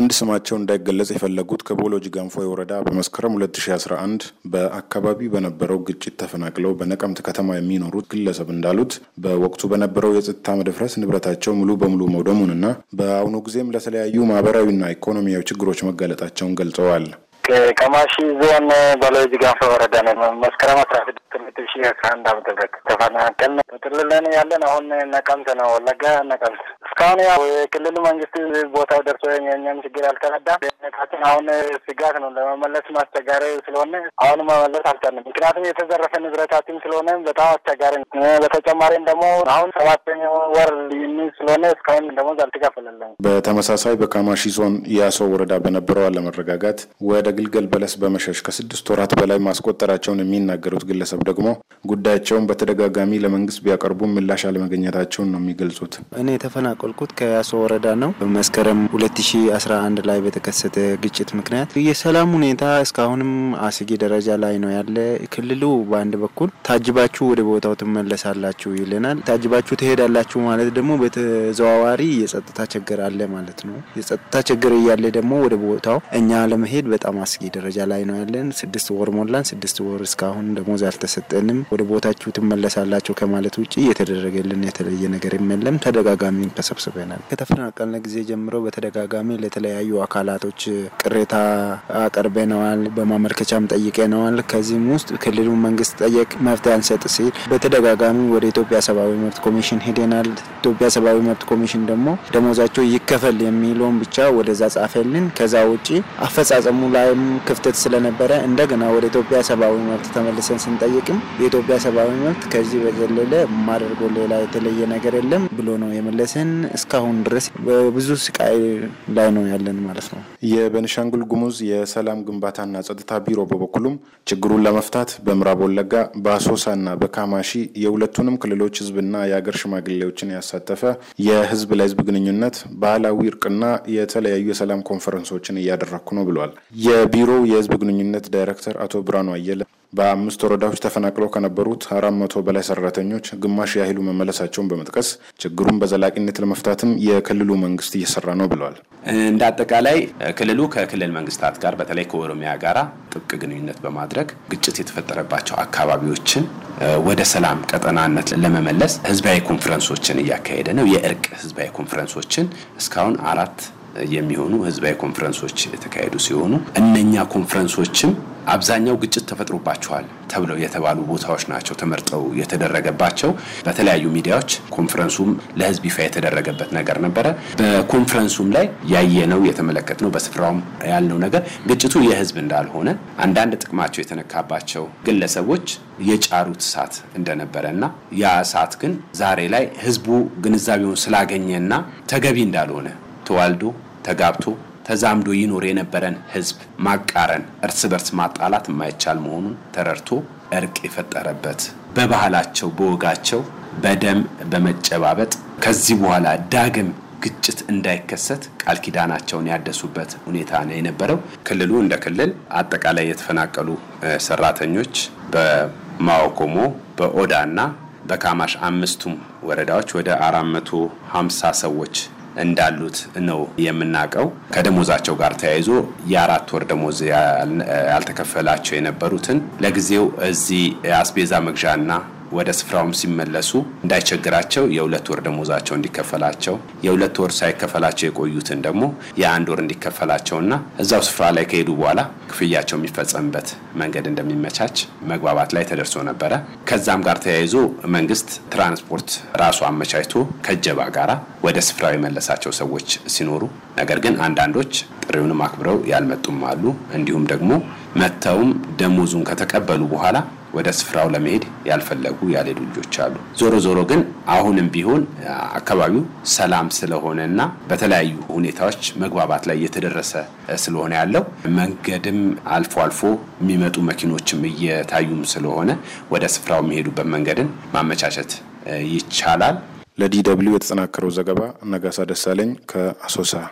አንድ ስማቸው እንዳይገለጽ የፈለጉት ከቦሎጂ ገንፎይ ወረዳ በመስከረም 2011 በአካባቢ በነበረው ግጭት ተፈናቅለው በነቀምት ከተማ የሚኖሩት ግለሰብ እንዳሉት በወቅቱ በነበረው የጸጥታ መደፍረስ ንብረታቸው ሙሉ በሙሉ መውደሙንና በአሁኑ ጊዜም ለተለያዩ ማህበራዊና ኢኮኖሚያዊ ችግሮች መጋለጣቸውን ገልጸዋል። ከማሺ ዞን ባሎጂ ገንፎይ ወረዳ ነው። መስከረም አስራ ስድስት ሁለት ሺ አስራ አንድ ምህረት ጥልለን ያለን አሁን ነቀምት ነው። ወለጋ ነቀምት እስካሁን ያው የክልል መንግስት ቦታው ደርሶ የኛም ችግር አልተረዳም። ደህንነታችን አሁን ስጋት ነው። ለመመለስ አስቸጋሪ ስለሆነ አሁን መመለስ አልቻለም። ምክንያቱም የተዘረፈ ንብረታችን ስለሆነ በጣም አስቸጋሪ ነው። በተጨማሪም ደግሞ አሁን ሰባተኛ ወር ልዩነት ስለሆነ እስካሁን ደግሞ አልተከፈለለም። በተመሳሳይ በካማሺ ዞን የአሶ ወረዳ በነበረው አለመረጋጋት ወደ ግልገል በለስ በመሸሽ ከስድስት ወራት በላይ ማስቆጠራቸውን የሚናገሩት ግለሰብ ደግሞ ጉዳያቸውን በተደጋጋሚ ለመንግስት ቢያቀርቡ ምላሽ አለመገኘታቸውን ነው የሚገልጹት። እኔ ተፈናቀ የተፈናቀልኩት ከያሶ ወረዳ ነው። በመስከረም 2011 ላይ በተከሰተ ግጭት ምክንያት የሰላም ሁኔታ እስካሁንም አስጊ ደረጃ ላይ ነው ያለ። ክልሉ በአንድ በኩል ታጅባችሁ ወደ ቦታው ትመለሳላችሁ ይልናል። ታጅባችሁ ትሄዳላችሁ ማለት ደግሞ በተዘዋዋሪ የጸጥታ ችግር አለ ማለት ነው። የጸጥታ ችግር እያለ ደግሞ ወደ ቦታው እኛ ለመሄድ በጣም አስጊ ደረጃ ላይ ነው ያለን። ስድስት ወር ሞላን። ስድስት ወር እስካሁን ደሞዝ አልተሰጠንም። ወደ ቦታችሁ ትመለሳላችሁ ከማለት ውጭ እየተደረገልን የተለየ ነገር የለም። ተደጋጋሚ ተሰብ ሰብስበናል። ከተፈናቀልነ ጊዜ ጀምሮ በተደጋጋሚ ለተለያዩ አካላቶች ቅሬታ አቀርበነዋል። በማመልከቻም ጠይቀነዋል። ከዚህም ውስጥ ክልሉ መንግስት ጠየቅ መፍትሄ አንሰጥ ሲል በተደጋጋሚ ወደ ኢትዮጵያ ሰብአዊ መብት ኮሚሽን ሄደናል። ኢትዮጵያ ሰብአዊ መብት ኮሚሽን ደግሞ ደሞዛቸው ይከፈል የሚለውን ብቻ ወደዛ ጻፈልን። ከዛ ውጪ አፈጻጸሙ ላይም ክፍተት ስለነበረ እንደገና ወደ ኢትዮጵያ ሰብአዊ መብት ተመልሰን ስንጠይቅም የኢትዮጵያ ሰብአዊ መብት ከዚህ በዘለለ ማደርጎ ሌላ የተለየ ነገር የለም ብሎ ነው የመለሰን። እስካሁን ድረስ በብዙ ስቃይ ላይ ነው ያለን ማለት ነው። የበንሻንጉል ጉሙዝ የሰላም ግንባታና ጸጥታ ቢሮ በበኩሉም ችግሩን ለመፍታት በምዕራብ ወለጋ በአሶሳና በካማሺ የሁለቱንም ክልሎች ህዝብና የአገር ሽማግሌዎችን ያሳተፈ የህዝብ ለህዝብ ግንኙነት፣ ባህላዊ እርቅና የተለያዩ የሰላም ኮንፈረንሶችን እያደረግኩ ነው ብሏል። የቢሮው የህዝብ ግንኙነት ዳይሬክተር አቶ ብርሃኑ አየለ በአምስት ወረዳዎች ተፈናቅለው ከነበሩት አራት መቶ በላይ ሰራተኞች ግማሽ ያህሉ መመለሳቸውን በመጥቀስ ችግሩን በዘላቂነት ለመፍታትም የክልሉ መንግስት እየሰራ ነው ብለዋል። እንደ አጠቃላይ ክልሉ ከክልል መንግስታት ጋር በተለይ ከኦሮሚያ ጋራ ጥብቅ ግንኙነት በማድረግ ግጭት የተፈጠረባቸው አካባቢዎችን ወደ ሰላም ቀጠናነት ለመመለስ ህዝባዊ ኮንፈረንሶችን እያካሄደ ነው። የእርቅ ህዝባዊ ኮንፈረንሶችን እስካሁን አራት የሚሆኑ ህዝባዊ ኮንፈረንሶች የተካሄዱ ሲሆኑ እነኛ ኮንፈረንሶችም አብዛኛው ግጭት ተፈጥሮባቸዋል ተብለው የተባሉ ቦታዎች ናቸው ተመርጠው የተደረገባቸው። በተለያዩ ሚዲያዎች ኮንፈረንሱም ለህዝብ ይፋ የተደረገበት ነገር ነበረ። በኮንፈረንሱም ላይ ያየነው የተመለከትነው፣ በስፍራውም ያልነው ነገር ግጭቱ የህዝብ እንዳልሆነ አንዳንድ ጥቅማቸው የተነካባቸው ግለሰቦች የጫሩት እሳት እንደነበረ እና ያ እሳት ግን ዛሬ ላይ ህዝቡ ግንዛቤውን ስላገኘና ተገቢ እንዳልሆነ ተዋልዶ ተጋብቶ ተዛምዶ ይኖር የነበረን ህዝብ ማቃረን፣ እርስ በርስ ማጣላት የማይቻል መሆኑን ተረድቶ እርቅ የፈጠረበት በባህላቸው በወጋቸው በደም በመጨባበጥ ከዚህ በኋላ ዳግም ግጭት እንዳይከሰት ቃል ኪዳናቸውን ያደሱበት ሁኔታ ነው የነበረው። ክልሉ እንደ ክልል አጠቃላይ የተፈናቀሉ ሰራተኞች በማወኮሞ በኦዳ እና በካማሽ አምስቱም ወረዳዎች ወደ 450 ሰዎች እንዳሉት ነው የምናውቀው። ከደሞዛቸው ጋር ተያይዞ የአራት ወር ደሞዝ ያልተከፈላቸው የነበሩትን ለጊዜው እዚህ አስቤዛ መግዣና ወደ ስፍራውም ሲመለሱ እንዳይቸግራቸው የሁለት ወር ደሞዛቸው እንዲከፈላቸው የሁለት ወር ሳይከፈላቸው የቆዩትን ደግሞ የአንድ ወር እንዲከፈላቸውና እዛው ስፍራ ላይ ከሄዱ በኋላ ክፍያቸው የሚፈጸምበት መንገድ እንደሚመቻች መግባባት ላይ ተደርሶ ነበረ። ከዛም ጋር ተያይዞ መንግስት ትራንስፖርት ራሱ አመቻችቶ ከጀባ ጋራ ወደ ስፍራው የመለሳቸው ሰዎች ሲኖሩ፣ ነገር ግን አንዳንዶች ጥሪውንም አክብረው ያልመጡም አሉ። እንዲሁም ደግሞ መጥተውም ደሞዙን ከተቀበሉ በኋላ ወደ ስፍራው ለመሄድ ያልፈለጉ ያልሄዱ ልጆች አሉ። ዞሮ ዞሮ ግን አሁንም ቢሆን አካባቢው ሰላም ስለሆነ ና በተለያዩ ሁኔታዎች መግባባት ላይ እየተደረሰ ስለሆነ ያለው መንገድም አልፎ አልፎ የሚመጡ መኪኖችም እየታዩም ስለሆነ ወደ ስፍራው የሚሄዱበት መንገድን ማመቻቸት ይቻላል። ለዲ ደብልዩ የተጠናከረው ዘገባ ነጋሳ ደሳለኝ ከአሶሳ